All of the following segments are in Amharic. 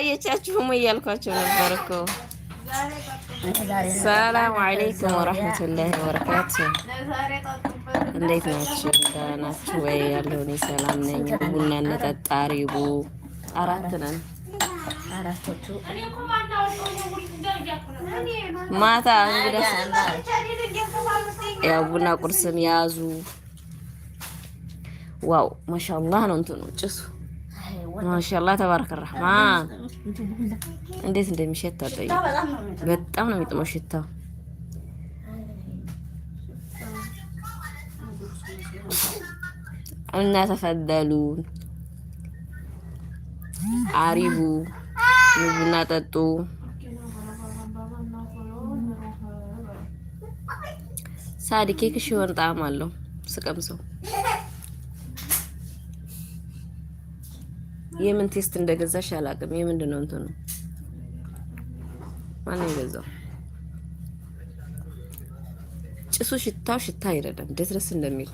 አላየቻችሁም እያልኳቸው ነበር እኮ። ሰላም አለይኩም ወረህመቱላሂ ወበረካቱ። እንዴት ናችሁ? ደህና ናችሁ ወይ? ያለው እኔ ሰላም ነኝ። ቡና እንጠጣ። ሪቡ አራት ነን። ማታ እንግዲህ ያው ቡና ቁርስን ያዙ። ዋው ማሻአላህ ነው እንትኑ ጭሱ ማሻላ ተባረከ ረህማን እንዴት እንደሚሸት አለ። በጣም ነው የሚጥመው ሽታው። እና ተፈደሉ አሪቡ ምግቡና ጠጡ። ሳዲ ኬክሽ የሆነ ጣዕም አለው ስቀምሰው የምን ቴስት እንደገዛሽ አላውቅም። የምንድን ነው እንትኑ? ማን የገዛው? ጭሱ፣ ሽታው ሽታ አይረዳም። እንዴት ደስ እንደሚል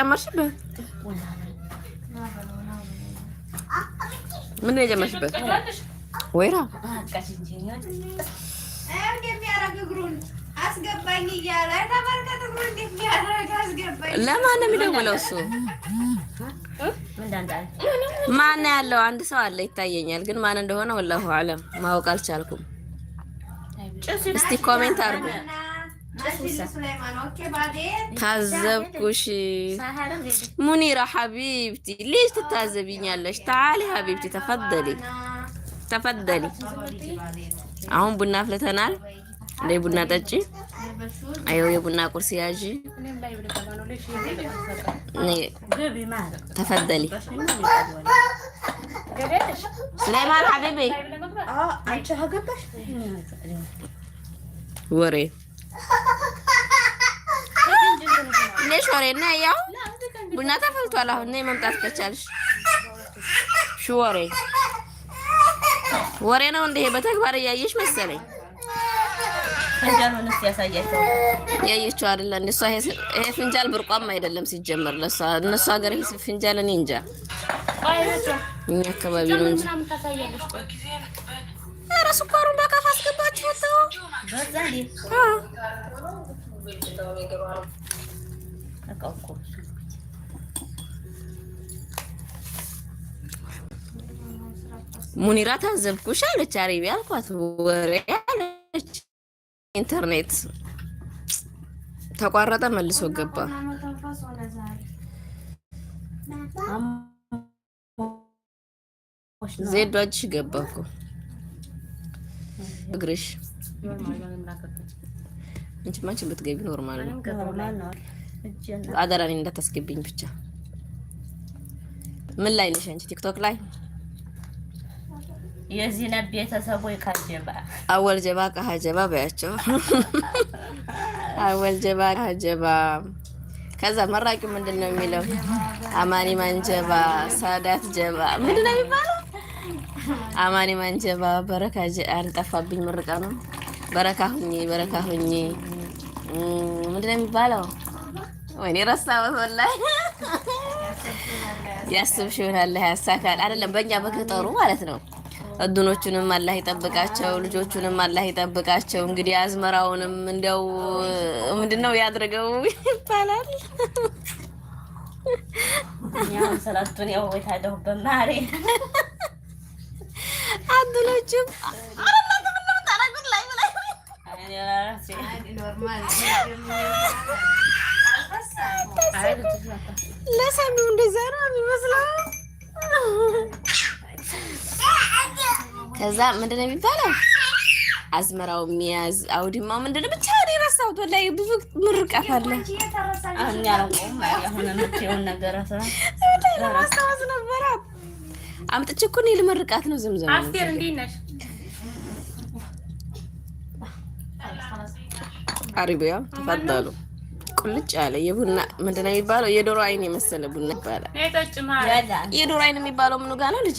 ጨመርሽበት። ምን ነው የጨመርሽበት? ወይራ ለማን ነው የሚደውለው እሱ? ማን ያለው? አንድ ሰው አለ ይታየኛል፣ ግን ማን እንደሆነ ወላሁ አለም ማወቅ አልቻልኩም። እስቲ ኮሜንት አድርጉ። ታዘብኩሽ ሙኒራ ሐቢብቲ ልጅ ትታዘቢኛለሽ። ታሊ ሐቢብቲ ተፈደሊ ተፈደሊ። አሁን ቡና አፍልተናል። ቡና ጠጪ፣ አየው የቡና ቁርስ ያዥ። ተፈደሊ ስላይማን ሀቢቢ ወሬ ትንሽ ወሬ እና ያው ቡና ተፈልቷል። አሁን ነይ መምጣት ከቻልሽ ሽ ወሬ ወሬ ነው እንደ በተግባር እያየሽ መሰለኝ ያየችው አይደለ? ይሄ ፍንጃል ብርቋም አይደለም ሲጀመር እነሱ ሀገር ይሄ ፍንጃል እኔ እንጃ፣ እኛ አካባቢ ነው እንጂ። ኧረ ስኳሩን አስገባችሁ ተው። ሙኒራ ታዘብኩሽ አለች። አሪቢ አልኳት ወሬ አለች ኢንተርኔት ተቋረጠ፣ መልሶ ገባ። ዜዶ እጅሽ ገባ እኮ እግርሽ። አንቺማ አንቺ ብትገቢ ኖርማል ነው። አደራ እኔን ብቻ። ምን ላይ ነሽ አንቺ? ቲክቶክ ላይ የዚነ ቤተሰቡ ይካጀባ አወል ጀባ ቀሀ በያቸው አወል ጀባ ቀሀ ከዛ መራቂ ምንድን ነው የሚለው? አማኒ ማንጀባ ሳዳት ጀባ ምንድን ነው የሚባለው? አማኒ ማንጀባ በረካ አንጠፋብኝ ምርቃ ነው በረካ ሁኚ በረካ ሁኚ ምንድን ነው የሚባለው? ወይኔ ረሳሁት ወላሂ ያስብሽ ይሆናል ያሳካል አይደለም በእኛ በገጠሩ ማለት ነው እድኖቹንም አላህ ይጠብቃቸው፣ ልጆቹንም አላህ ይጠብቃቸው። እንግዲህ አዝመራውንም እንደው ምንድነው ያድርገው ይባላል። አድኖቹም ለሰሚው እንደዛ ነው የሚመስለው። ከዛ ምንድነው የሚባለው አዝመራው የሚያዝ አውድማው ምንድን ብቻ እኔ ረሳሁት። ወላሂ ብዙ ምርቃት አለ። ማስታወስ ነበራት አምጥቼ እኮ እኔ ልመርቃት ነው። ዝምዝም አሪቢያ ተፈጠሉ ቁልጭ ያለ የቡና ምንድነው የሚባለው የዶሮ አይን የመሰለ ቡና ይባላል። የዶሮ አይን የሚባለው ምኑ ጋ ነው ልጅ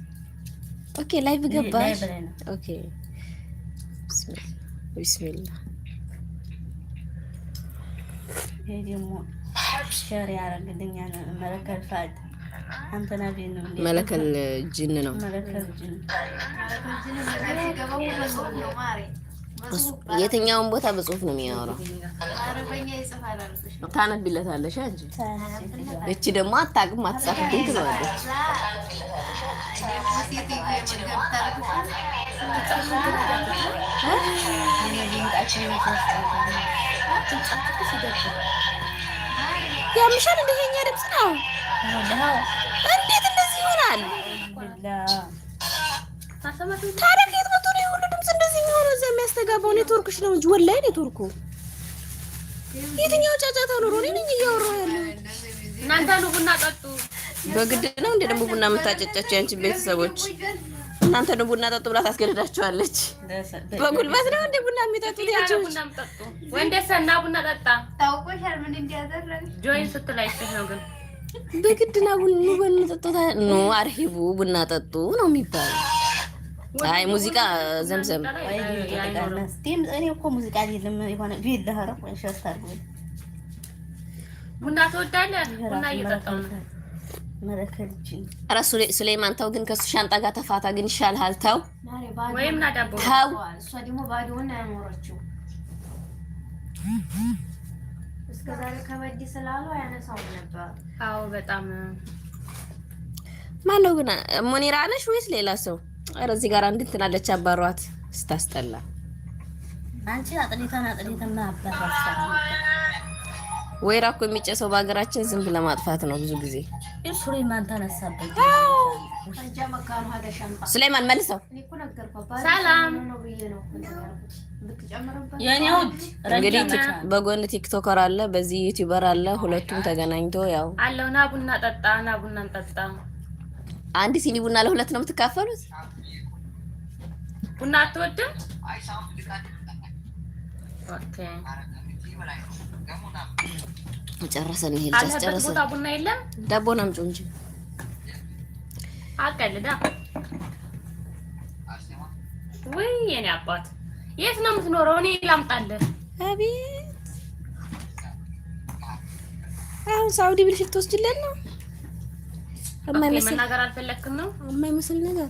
ኦኬ ላይቭ ገባሽ? ኦኬ ቢስሚላ ይሄ መለከል ጅን ነው። የትኛውን ቦታ በጽሁፍ ነው የሚያወራው? ታነብለታለሽ አንቺ። እቺ ደግሞ አታውቅም፣ አትጻፍም ትለዋለች። ያምሻል። እንደኛ ድምፅ ነው። እንዴት እንደዚህ ይሆናል የሚያስተጋባው ኔትወርክሽ ነው እንጂ ወላሂ ኔትወርኩ የትኛው ጫጫታ ኖሮ እኔ ነኝ እያወራሁ ያለው። እናንተ ቡና ጠጡ። በግድ ነው እንደ ደግሞ ቡና የምታጨጫቸው ያንቺን ቤተሰቦች እናንተ ነው ቡና ጠጡ ብላ ታስገድዳቸዋለች። በጉልበት ነው እንደ ቡና የሚጠጡት ያቸው ወንደሰና ቡና ጠጣ ታውቆሻል። ምን እንዲያደረግ ጆይን ስትላይሽ ነው ግን በግድና ቡና ጠጡ ነው አርሂቡ ቡና ጠጡ ነው የሚባለው አይ ሙዚቃ ዘምዘም እኔ እኮ ሙዚቃ ሊልም የሆነ ቢል ለኸረ ሸርት አድርጎ ቡና ተወዳለ ቡና እየጠጣሁ ነው። ኧረ ሱሌማን ተው ግን ከእሱ ሻንጣ ጋር ተፋታ ግን ይሻልሃል። ተው ወይም ና እሷ ደግሞ ባዶውን አያኖረችው እስከዛሬ ዛሬ ከበድ ስላለው አያነሳውም ነበር። አዎ በጣም ማነው ግን ሙኒራ ነሽ ወይስ ሌላ ሰው? ኧረ እዚህ ጋር እንትን አለች አባሯት ስታስጠላ። አንቺ አጥሊቷን አጥሊቷን አባሯት ወይራ እኮ የሚጨሰው በሀገራችን ዝንብ ለማጥፋት ነው ብዙ ጊዜ። ሱሌማን ተነሳበት። ሱሌማን መልሰው። ሰላም እንግዲህ በጎን ቲክቶከር አለ፣ በዚህ ዩቲዩበር አለ። ሁለቱም ተገናኝቶ ያው አለው ና ቡና ጠጣ፣ ና ቡና ጠጣ። አንድ ሲኒ ቡና ለሁለት ነው የምትካፈሉት? ቡና አትወድም? ጨረሰን። ይሄ ጨረሰን። ቡና የለም። ዳቦ ና አምጪው እንጂ አቀልዳ። ውይ የኔ አባት የት ነው የምትኖረው? እኔ ላምጣልህ። አቤት አሁን ሳውዲ ብልሽት ነው። የማይመስል ነገር አልፈለግክም ነው የማይመስል ነገር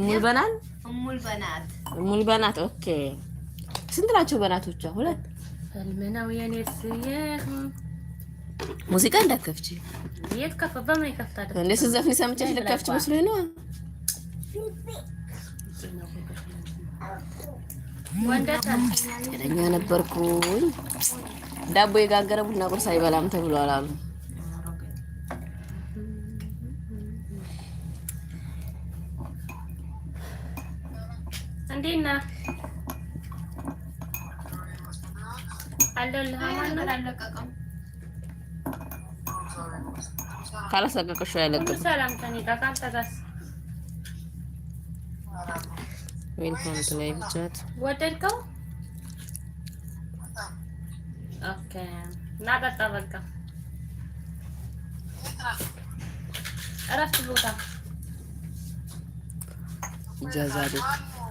እሙል በናት እሙል በናት እሙል በናት። ኦኬ ስንት ናቸው በናቶቿ? ሁለት ምነው የኔ ሙዚቃ እንዳከፍች የት ከፈ በምን ይከፍታል እንዴ? ስትዘፍኝ ሰምቼሽ ልከፍች መስሎኝ ነው። ወንደታ ነበርኩኝ ዳቦ የጋገረ ቡና ቁርስ አይበላም ተብሏል አሉ። እንዴት ነህ? ካላሰቀቅሽው አይለቅም። ዌልካም ቱ ላይቭ ቻት ወደድከው? ኦኬ ና ጠጣ። በቃ እረፍት ቦታ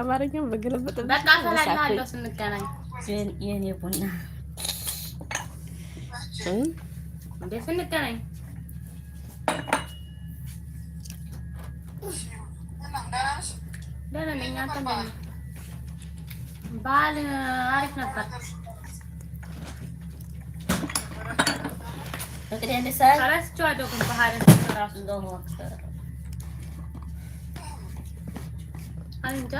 አማርኛም በገለበጠ በቃ ፈላልሃለሁ። ስንገናኝ የኔ ቡና እንዴ ስንገናኝ ደህና ነኝ። አንተ በዓል አሪፍ ነበር። እረስቼዋለሁ ግን ባህልን እራሱ እንደው እንጃ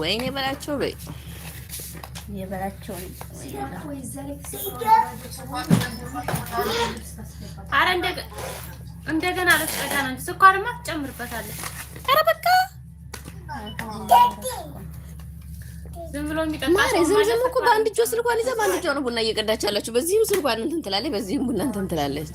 ወይኔ በላቸው በይ የበላቸው አረ እንደገና ልትጠጋ ነው እንጂ ስኳርማ ትጨምርበታለች። አረ በቃ ዝም ብሎ የሚጠጣ ዝም ዝም እኮ በአንድ እጇ ስልኳን ይዛ በአንድ እጇ ነው ቡና እየቀዳች ያለችው። በዚህም ስልኳን እንትን ትላለች፣ በዚህም ቡና እንትን ትላለች።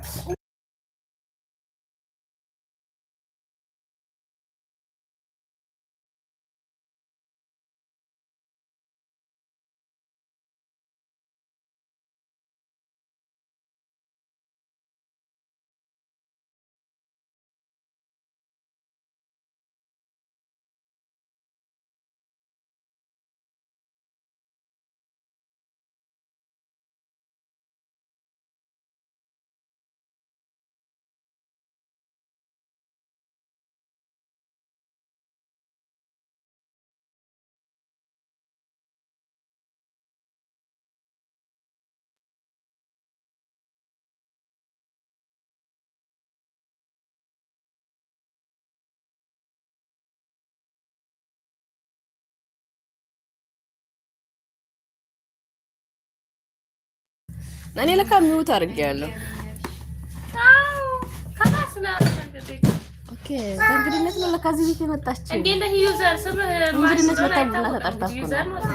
እኔ ለካ ሚውት አድርጌያለሁ። በእንግድነት ነው ለካ እዚህ ቤት የመጣችው። እንግድነት መታልና ተጠርታ እኮ ነው።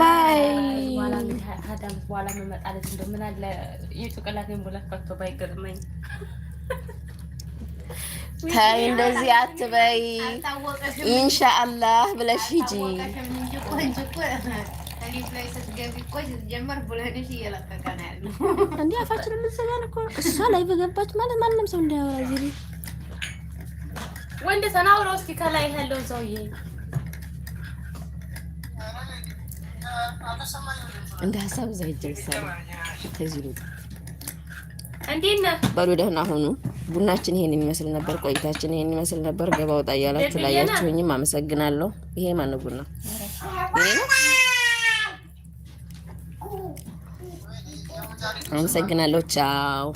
ባይ በኋላ መመጣለት እንደው ምን አለ የጭቅላቴን ቦላፋቶ ባይገርመኝ። ተይ እንደዚህ አትበይ። ኢንሻአላህ ብለሽ ሂጂ እንዴ አፋችንን የምትዘጋን እኮ እሷ ላይ በገባች ማለት ማንም ሰው እንዳያወራ እዚህ ወንድ ተናውሮ እስኪ ከላይ ያለው ሰውዬ እንደ ሀሳብ እዛ ሂጅ በሉ ደህና ሁኑ። ቡናችን ይሄን የሚመስል ነበር። ቆይታችን ይሄን የሚመስል ነበር። ገባ ወጣ እያላችሁ ላያችሁኝም አመሰግናለሁ። ይሄ ማነው ቡና ይሄ ነው። አመሰግናለሁ። ቻው።